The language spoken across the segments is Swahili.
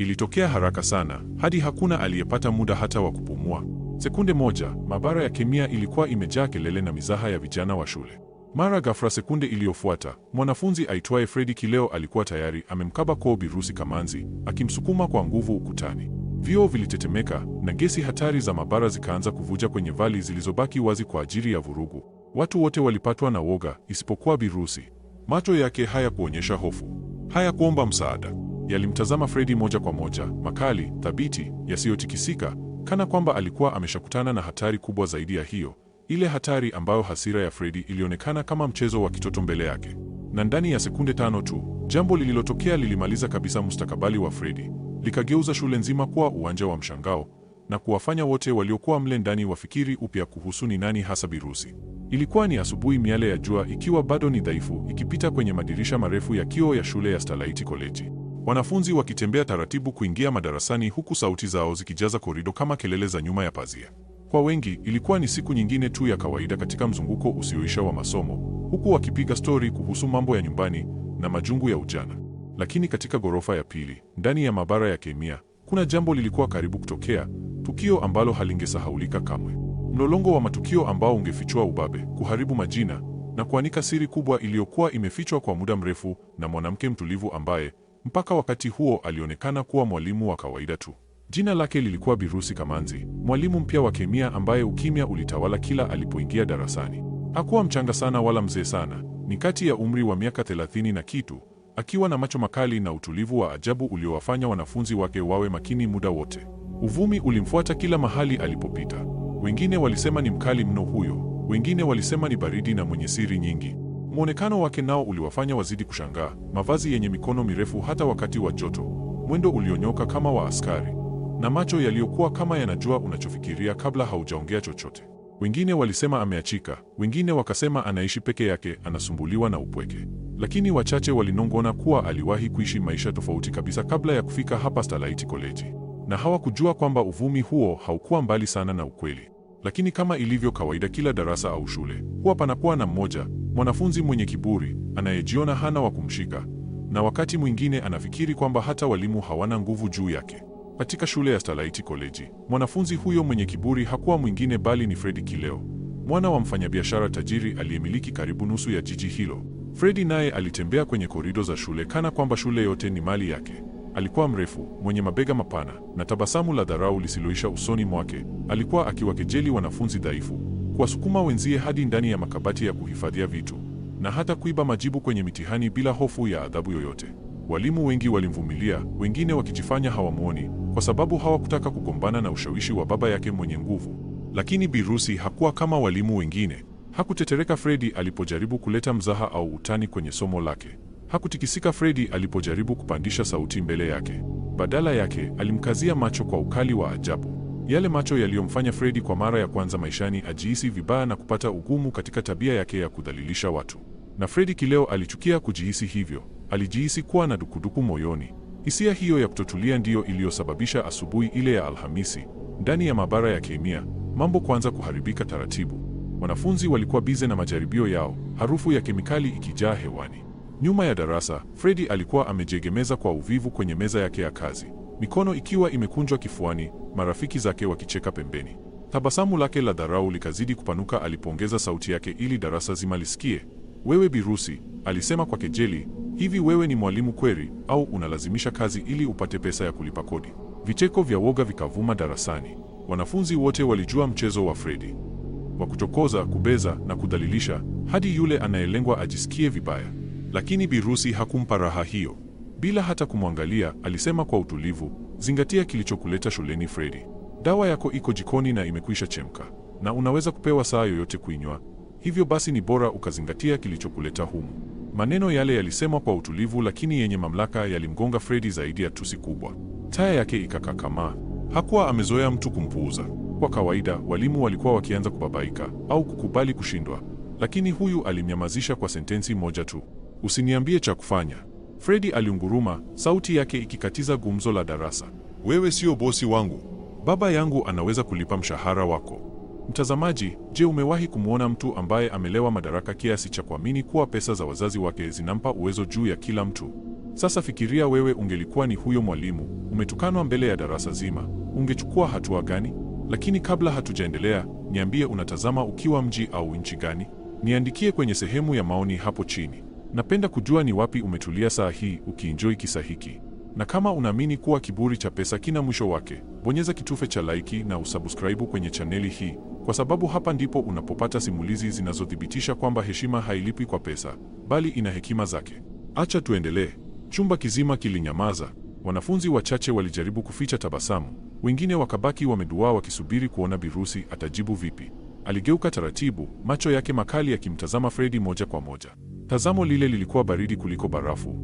Ilitokea haraka sana hadi hakuna aliyepata muda hata wa kupumua. Sekunde moja, maabara ya kemia ilikuwa imejaa kelele na mizaha ya vijana wa shule. Mara ghafla, sekunde iliyofuata, mwanafunzi aitwaye Fredi Kileo alikuwa tayari amemkaba koo Birusi Kamanzi, akimsukuma kwa nguvu ukutani. Vioo vilitetemeka na gesi hatari za maabara zikaanza kuvuja kwenye vali zilizobaki wazi kwa ajili ya vurugu. Watu wote walipatwa na woga isipokuwa Birusi. Macho yake hayakuonyesha hofu, hayakuomba msaada yalimtazama Fredi moja kwa moja, makali, thabiti, yasiyotikisika, kana kwamba alikuwa ameshakutana na hatari kubwa zaidi ya hiyo, ile hatari ambayo hasira ya Fredi ilionekana kama mchezo wa kitoto mbele yake. Na ndani ya sekunde tano tu, jambo lililotokea lilimaliza kabisa mustakabali wa Fredi, likageuza shule nzima kuwa uwanja wa mshangao na kuwafanya wote waliokuwa mle ndani wafikiri upya kuhusu ni nani hasa Birusi. Ilikuwa ni asubuhi, miale ya jua ikiwa bado ni dhaifu, ikipita kwenye madirisha marefu ya kioo ya shule ya Starlight College wanafunzi wakitembea taratibu kuingia madarasani, huku sauti zao zikijaza korido kama kelele za nyuma ya pazia. Kwa wengi ilikuwa ni siku nyingine tu ya kawaida katika mzunguko usioisha wa masomo, huku wakipiga stori kuhusu mambo ya nyumbani na majungu ya ujana. Lakini katika ghorofa ya pili, ndani ya maabara ya kemia, kuna jambo lilikuwa karibu kutokea, tukio ambalo halingesahaulika kamwe, mlolongo wa matukio ambao ungefichua ubabe, kuharibu majina na kuanika siri kubwa iliyokuwa imefichwa kwa muda mrefu na mwanamke mtulivu ambaye mpaka wakati huo alionekana kuwa mwalimu wa kawaida tu. Jina lake lilikuwa Birusi Kamanzi, mwalimu mpya wa kemia ambaye ukimya ulitawala kila alipoingia darasani. Hakuwa mchanga sana wala mzee sana, ni kati ya umri wa miaka thelathini na kitu, akiwa na macho makali na utulivu wa ajabu uliowafanya wanafunzi wake wawe makini muda wote. Uvumi ulimfuata kila mahali alipopita. Wengine walisema ni mkali mno huyo, wengine walisema ni baridi na mwenye siri nyingi. Mwonekano wake nao uliwafanya wazidi kushangaa, mavazi yenye mikono mirefu hata wakati wa joto, mwendo ulionyoka kama wa askari, na macho yaliyokuwa kama yanajua unachofikiria kabla haujaongea chochote. Wengine walisema ameachika, wengine wakasema anaishi peke yake, anasumbuliwa na upweke, lakini wachache walinong'ona kuwa aliwahi kuishi maisha tofauti kabisa kabla ya kufika hapa Starlight College, na hawakujua kwamba uvumi huo haukuwa mbali sana na ukweli. Lakini kama ilivyo kawaida, kila darasa au shule huwa panakuwa na mmoja Mwanafunzi mwenye kiburi anayejiona hana wa kumshika, na wakati mwingine anafikiri kwamba hata walimu hawana nguvu juu yake. Katika shule ya Starlight College, mwanafunzi huyo mwenye kiburi hakuwa mwingine bali ni Fredi Kileo, mwana wa mfanyabiashara tajiri aliyemiliki karibu nusu ya jiji hilo. Fredi naye alitembea kwenye korido za shule kana kwamba shule yote ni mali yake. Alikuwa mrefu, mwenye mabega mapana na tabasamu la dharau lisiloisha usoni mwake. Alikuwa akiwakejeli wanafunzi dhaifu kuwasukuma wenzie hadi ndani ya makabati ya kuhifadhia vitu na hata kuiba majibu kwenye mitihani bila hofu ya adhabu yoyote. Walimu wengi walimvumilia, wengine wakijifanya hawamwoni kwa sababu hawakutaka kugombana na ushawishi wa baba yake mwenye nguvu. Lakini Birusi hakuwa kama walimu wengine. Hakutetereka Fredi alipojaribu kuleta mzaha au utani kwenye somo lake. Hakutikisika Fredi alipojaribu kupandisha sauti mbele yake. Badala yake, alimkazia macho kwa ukali wa ajabu. Yale macho yaliyomfanya Freddy kwa mara ya kwanza maishani ajihisi vibaya na kupata ugumu katika tabia yake ya kudhalilisha watu. Na Freddy kileo alichukia kujihisi hivyo, alijihisi kuwa na dukuduku moyoni. Hisia hiyo ya kutotulia ndiyo iliyosababisha asubuhi ile ya Alhamisi, ndani ya maabara ya kemia, mambo kuanza kuharibika taratibu. Wanafunzi walikuwa bize na majaribio yao, harufu ya kemikali ikijaa hewani. Nyuma ya darasa, Freddy alikuwa amejegemeza kwa uvivu kwenye meza yake ya kazi mikono ikiwa imekunjwa kifuani, marafiki zake wakicheka pembeni. Tabasamu lake la dharau likazidi kupanuka alipoongeza sauti yake ili darasa zima lisikie. Wewe Birusi, alisema kwa kejeli, hivi wewe ni mwalimu kweli au unalazimisha kazi ili upate pesa ya kulipa kodi? Vicheko vya woga vikavuma darasani. Wanafunzi wote walijua mchezo wa fredi wa kuchokoza, kubeza na kudhalilisha hadi yule anayelengwa ajisikie vibaya, lakini Birusi hakumpa raha hiyo. Bila hata kumwangalia, alisema kwa utulivu, zingatia kilichokuleta shuleni Freddy. Dawa yako iko jikoni na imekwisha chemka, na unaweza kupewa saa yoyote kuinywa. Hivyo basi ni bora ukazingatia kilichokuleta humu. Maneno yale yalisemwa kwa utulivu lakini yenye mamlaka yalimgonga Freddy zaidi ya tusi kubwa. Taya yake ikakakamaa. Hakuwa amezoea mtu kumpuuza. Kwa kawaida, walimu walikuwa wakianza kubabaika au kukubali kushindwa, lakini huyu alimnyamazisha kwa sentensi moja tu. Usiniambie cha kufanya. Fredi aliunguruma, sauti yake ikikatiza gumzo la darasa. Wewe sio bosi wangu. Baba yangu anaweza kulipa mshahara wako. Mtazamaji, je, umewahi kumwona mtu ambaye amelewa madaraka kiasi cha kuamini kuwa pesa za wazazi wake zinampa uwezo juu ya kila mtu? Sasa fikiria wewe ungelikuwa ni huyo mwalimu, umetukanwa mbele ya darasa zima, ungechukua hatua gani? Lakini kabla hatujaendelea, niambie unatazama ukiwa mji au nchi gani? Niandikie kwenye sehemu ya maoni hapo chini. Napenda kujua ni wapi umetulia saa hii ukienjoy kisa hiki. Na kama unaamini kuwa kiburi cha pesa kina mwisho wake, bonyeza kitufe cha like na usubscribe kwenye chaneli hii, kwa sababu hapa ndipo unapopata simulizi zinazothibitisha kwamba heshima hailipi kwa pesa, bali ina hekima zake. Acha tuendelee. Chumba kizima kilinyamaza. Wanafunzi wachache walijaribu kuficha tabasamu, wengine wakabaki wameduaa wakisubiri kuona Birusi atajibu vipi. Aligeuka taratibu, macho yake makali yakimtazama Fredi moja kwa moja. Tazamo lile lilikuwa baridi kuliko barafu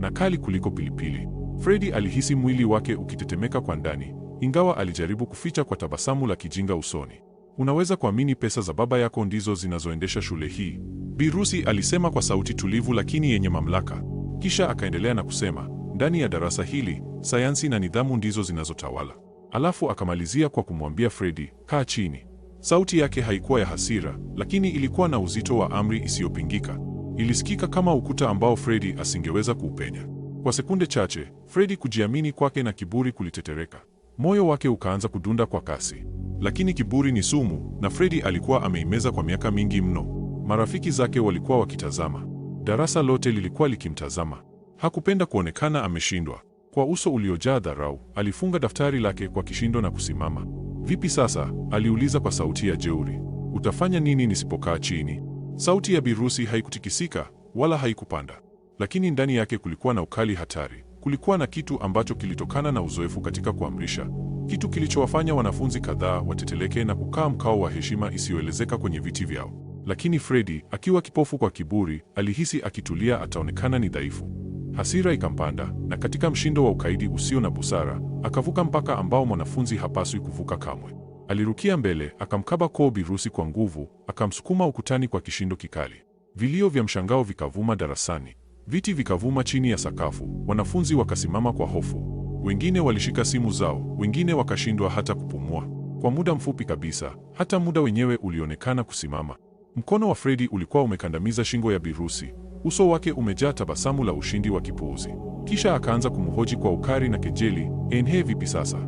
na kali kuliko pilipili. Fredi alihisi mwili wake ukitetemeka kwa ndani, ingawa alijaribu kuficha kwa tabasamu la kijinga usoni. Unaweza kuamini pesa za baba yako ndizo zinazoendesha shule hii, Birusi alisema kwa sauti tulivu lakini yenye mamlaka. Kisha akaendelea na kusema, ndani ya darasa hili sayansi na nidhamu ndizo zinazotawala. Alafu akamalizia kwa kumwambia Fredi, kaa chini. Sauti yake haikuwa ya hasira, lakini ilikuwa na uzito wa amri isiyopingika. Ilisikika kama ukuta ambao Fredi asingeweza kuupenya. Kwa sekunde chache, Fredi kujiamini kwake na kiburi kulitetereka. Moyo wake ukaanza kudunda kwa kasi. Lakini kiburi ni sumu, na Fredi alikuwa ameimeza kwa miaka mingi mno. Marafiki zake walikuwa wakitazama. Darasa lote lilikuwa likimtazama. Hakupenda kuonekana ameshindwa. Kwa uso uliojaa dharau, alifunga daftari lake kwa kishindo na kusimama. Vipi sasa? aliuliza kwa sauti ya jeuri. Utafanya nini nisipokaa chini? Sauti ya Birusi haikutikisika wala haikupanda, lakini ndani yake kulikuwa na ukali hatari. Kulikuwa na kitu ambacho kilitokana na uzoefu katika kuamrisha, kitu kilichowafanya wanafunzi kadhaa wateteleke na kukaa mkao wa heshima isiyoelezeka kwenye viti vyao. Lakini Fredi, akiwa kipofu kwa kiburi, alihisi akitulia ataonekana ni dhaifu. Hasira ikampanda, na katika mshindo wa ukaidi usio na busara, akavuka mpaka ambao mwanafunzi hapaswi kuvuka kamwe. Alirukia mbele, akamkaba Kobe Rusi kwa nguvu, akamsukuma ukutani kwa kishindo kikali. Vilio vya mshangao vikavuma darasani, viti vikavuma chini ya sakafu, wanafunzi wakasimama kwa hofu. Wengine walishika simu zao, wengine wakashindwa hata kupumua. Kwa muda mfupi kabisa, hata muda wenyewe ulionekana kusimama. Mkono wa Fredi ulikuwa umekandamiza shingo ya Birusi, uso wake umejaa tabasamu la ushindi wa kipuuzi. Kisha akaanza kumhoji kwa ukari na kejeli, enhe, vipi sasa?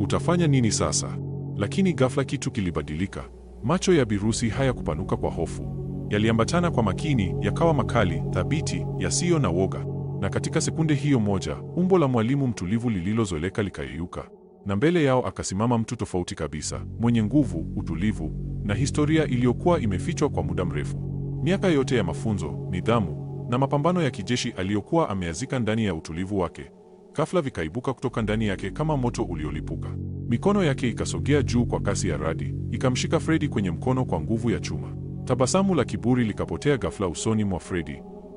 Utafanya nini sasa? Lakini ghafla kitu kilibadilika. Macho ya Birusi hayakupanuka kwa hofu, yaliambatana kwa makini, yakawa makali, thabiti, yasiyo na woga. Na katika sekunde hiyo moja, umbo la mwalimu mtulivu lililozoeleka likayeyuka, na mbele yao akasimama mtu tofauti kabisa, mwenye nguvu, utulivu na historia iliyokuwa imefichwa kwa muda mrefu. Miaka yote ya mafunzo, nidhamu na mapambano ya kijeshi aliyokuwa ameazika ndani ya utulivu wake, ghafla vikaibuka kutoka ndani yake kama moto uliolipuka. Mikono yake ikasogea juu kwa kasi ya radi, ikamshika Freddy kwenye mkono kwa nguvu ya chuma. Tabasamu la kiburi likapotea ghafla usoni mwa Freddy.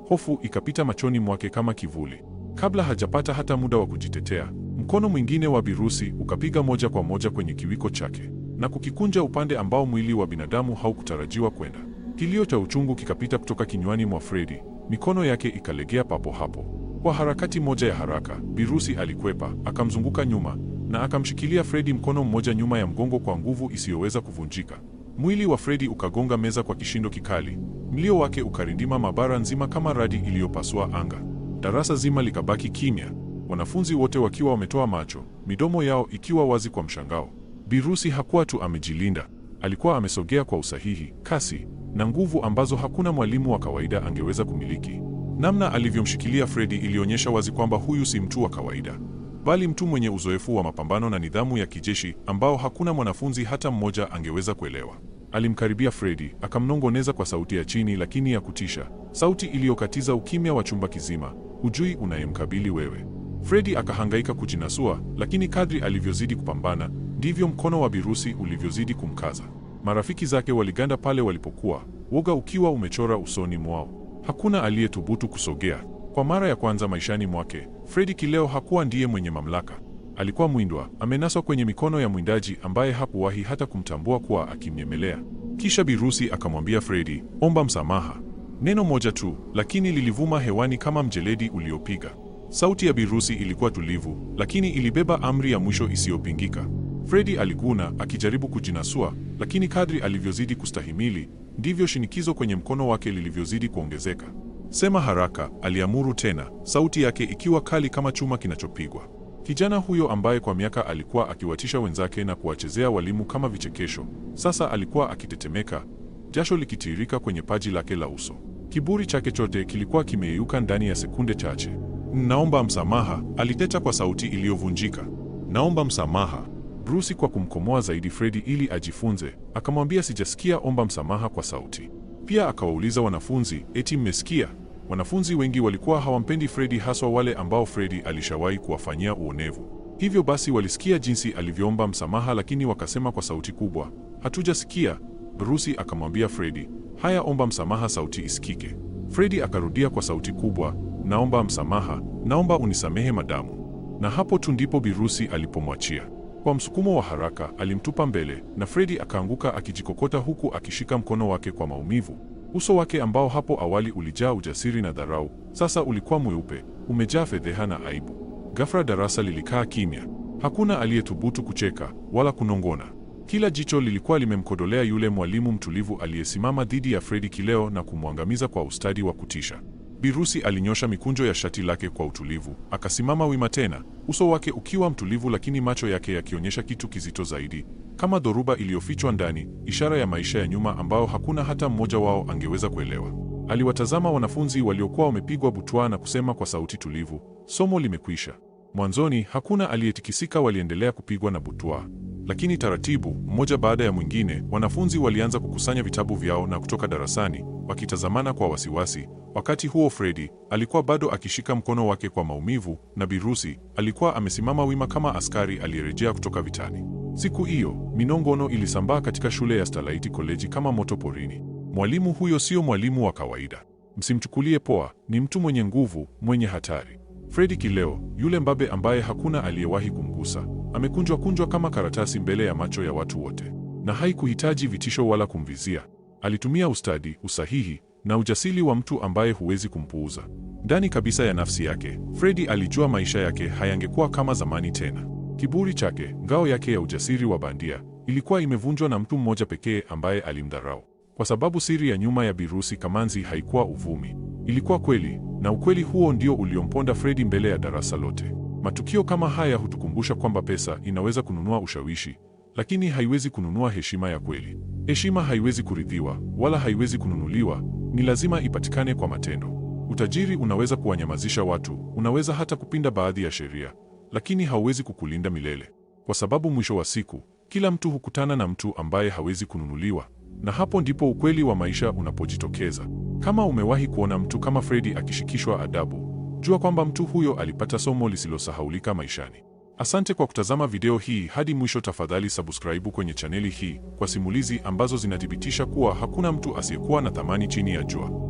Hofu ikapita machoni mwake kama kivuli. Kabla hajapata hata muda wa kujitetea, mkono mwingine wa Birusi ukapiga moja kwa moja kwenye kiwiko chake na kukikunja upande ambao mwili wa binadamu haukutarajiwa kwenda. Kilio cha uchungu kikapita kutoka kinywani mwa Freddy, mikono yake ikalegea papo hapo. Kwa harakati moja ya haraka, Birusi alikwepa, akamzunguka nyuma na akamshikilia fredi mkono mmoja nyuma ya mgongo kwa nguvu isiyoweza kuvunjika. Mwili wa fredi ukagonga meza kwa kishindo kikali. Mlio wake ukarindima maabara nzima kama radi iliyopasua anga. Darasa zima likabaki kimya, wanafunzi wote wakiwa wametoa macho, midomo yao ikiwa wazi kwa mshangao. Birusi hakuwa tu amejilinda, alikuwa amesogea kwa usahihi, kasi na nguvu ambazo hakuna mwalimu wa kawaida angeweza kumiliki. Namna alivyomshikilia fredi ilionyesha wazi kwamba huyu si mtu wa kawaida bali mtu mwenye uzoefu wa mapambano na nidhamu ya kijeshi ambao hakuna mwanafunzi hata mmoja angeweza kuelewa. Alimkaribia Fredi akamnongoneza kwa sauti ya chini lakini ya kutisha, sauti iliyokatiza ukimya wa chumba kizima, hujui unayemkabili wewe. Fredi akahangaika kujinasua, lakini kadri alivyozidi kupambana ndivyo mkono wa virusi ulivyozidi kumkaza. Marafiki zake waliganda pale walipokuwa, woga ukiwa umechora usoni mwao. Hakuna aliyethubutu kusogea. Kwa mara ya kwanza maishani mwake, fredi Kileo hakuwa ndiye mwenye mamlaka. Alikuwa mwindwa, amenaswa kwenye mikono ya mwindaji ambaye hakuwahi hata kumtambua kuwa akimnyemelea. Kisha Birusi akamwambia fredi omba msamaha. Neno moja tu, lakini lilivuma hewani kama mjeledi uliopiga. Sauti ya Birusi ilikuwa tulivu, lakini ilibeba amri ya mwisho isiyopingika. fredi alikuna akijaribu kujinasua, lakini kadri alivyozidi kustahimili, ndivyo shinikizo kwenye mkono wake lilivyozidi kuongezeka. Sema haraka, aliamuru tena, sauti yake ikiwa kali kama chuma kinachopigwa. Kijana huyo ambaye kwa miaka alikuwa akiwatisha wenzake na kuwachezea walimu kama vichekesho, sasa alikuwa akitetemeka, jasho likitiririka kwenye paji lake la uso. Kiburi chake chote kilikuwa kimeyuka ndani ya sekunde chache. Naomba msamaha, aliteta kwa sauti iliyovunjika. Naomba msamaha. Bruce kwa kumkomoa zaidi Freddy ili ajifunze, akamwambia sijasikia, omba msamaha kwa sauti. Pia akawauliza wanafunzi, eti mmesikia? Wanafunzi wengi walikuwa hawampendi Freddy, haswa wale ambao Freddy alishawahi kuwafanyia uonevu. Hivyo basi walisikia jinsi alivyoomba msamaha, lakini wakasema kwa sauti kubwa, hatujasikia. Bruce akamwambia Freddy, haya, omba msamaha, sauti isikike. Freddy akarudia kwa sauti kubwa, naomba msamaha, naomba unisamehe madamu. Na hapo tu ndipo Birusi alipomwachia. Kwa msukumo wa haraka alimtupa mbele na Freddy akaanguka akijikokota, huku akishika mkono wake kwa maumivu. Uso wake ambao hapo awali ulijaa ujasiri na dharau, sasa ulikuwa mweupe, umejaa fedheha na aibu. Ghafla darasa lilikaa kimya. Hakuna aliyethubutu kucheka wala kunongona. Kila jicho lilikuwa limemkodolea yule mwalimu mtulivu aliyesimama dhidi ya Fredi kileo na kumwangamiza kwa ustadi wa kutisha. Birusi alinyosha mikunjo ya shati lake kwa utulivu, akasimama wima tena, uso wake ukiwa mtulivu, lakini macho yake yakionyesha kitu kizito zaidi, kama dhoruba iliyofichwa ndani, ishara ya maisha ya nyuma ambao hakuna hata mmoja wao angeweza kuelewa. Aliwatazama wanafunzi waliokuwa wamepigwa butwa na kusema kwa sauti tulivu, somo limekwisha. Mwanzoni hakuna aliyetikisika, waliendelea kupigwa na butwaa. Lakini taratibu, mmoja baada ya mwingine, wanafunzi walianza kukusanya vitabu vyao na kutoka darasani, wakitazamana kwa wasiwasi. Wakati huo Fredi alikuwa bado akishika mkono wake kwa maumivu, na Birusi alikuwa amesimama wima kama askari aliyerejea kutoka vitani. Siku hiyo minongono ilisambaa katika shule ya Starlight College kama moto porini. Mwalimu huyo sio mwalimu wa kawaida, msimchukulie poa, ni mtu mwenye nguvu, mwenye hatari. Fredi Kileo, yule mbabe ambaye hakuna aliyewahi kumgusa amekunjwa kunjwa kama karatasi mbele ya macho ya watu wote, na haikuhitaji vitisho wala kumvizia. Alitumia ustadi, usahihi na ujasiri wa mtu ambaye huwezi kumpuuza. Ndani kabisa ya nafsi yake, Fredi alijua maisha yake hayangekuwa kama zamani tena. Kiburi chake, ngao yake ya ujasiri wa bandia, ilikuwa imevunjwa na mtu mmoja pekee ambaye alimdharau. Kwa sababu siri ya nyuma ya Birusi Kamanzi haikuwa uvumi, ilikuwa kweli, na ukweli huo ndio uliomponda Fredi mbele ya darasa lote. Matukio kama haya hutukumbusha kwamba pesa inaweza kununua ushawishi, lakini haiwezi kununua heshima ya kweli. Heshima haiwezi kurithiwa wala haiwezi kununuliwa, ni lazima ipatikane kwa matendo. Utajiri unaweza kuwanyamazisha watu, unaweza hata kupinda baadhi ya sheria, lakini hauwezi kukulinda milele, kwa sababu mwisho wa siku kila mtu hukutana na mtu ambaye hawezi kununuliwa, na hapo ndipo ukweli wa maisha unapojitokeza. Kama umewahi kuona mtu kama Fredi akishikishwa adabu jua kwamba mtu huyo alipata somo lisilosahaulika maishani. Asante kwa kutazama video hii hadi mwisho. Tafadhali subscribe kwenye chaneli hii kwa simulizi ambazo zinathibitisha kuwa hakuna mtu asiyekuwa na thamani chini ya jua.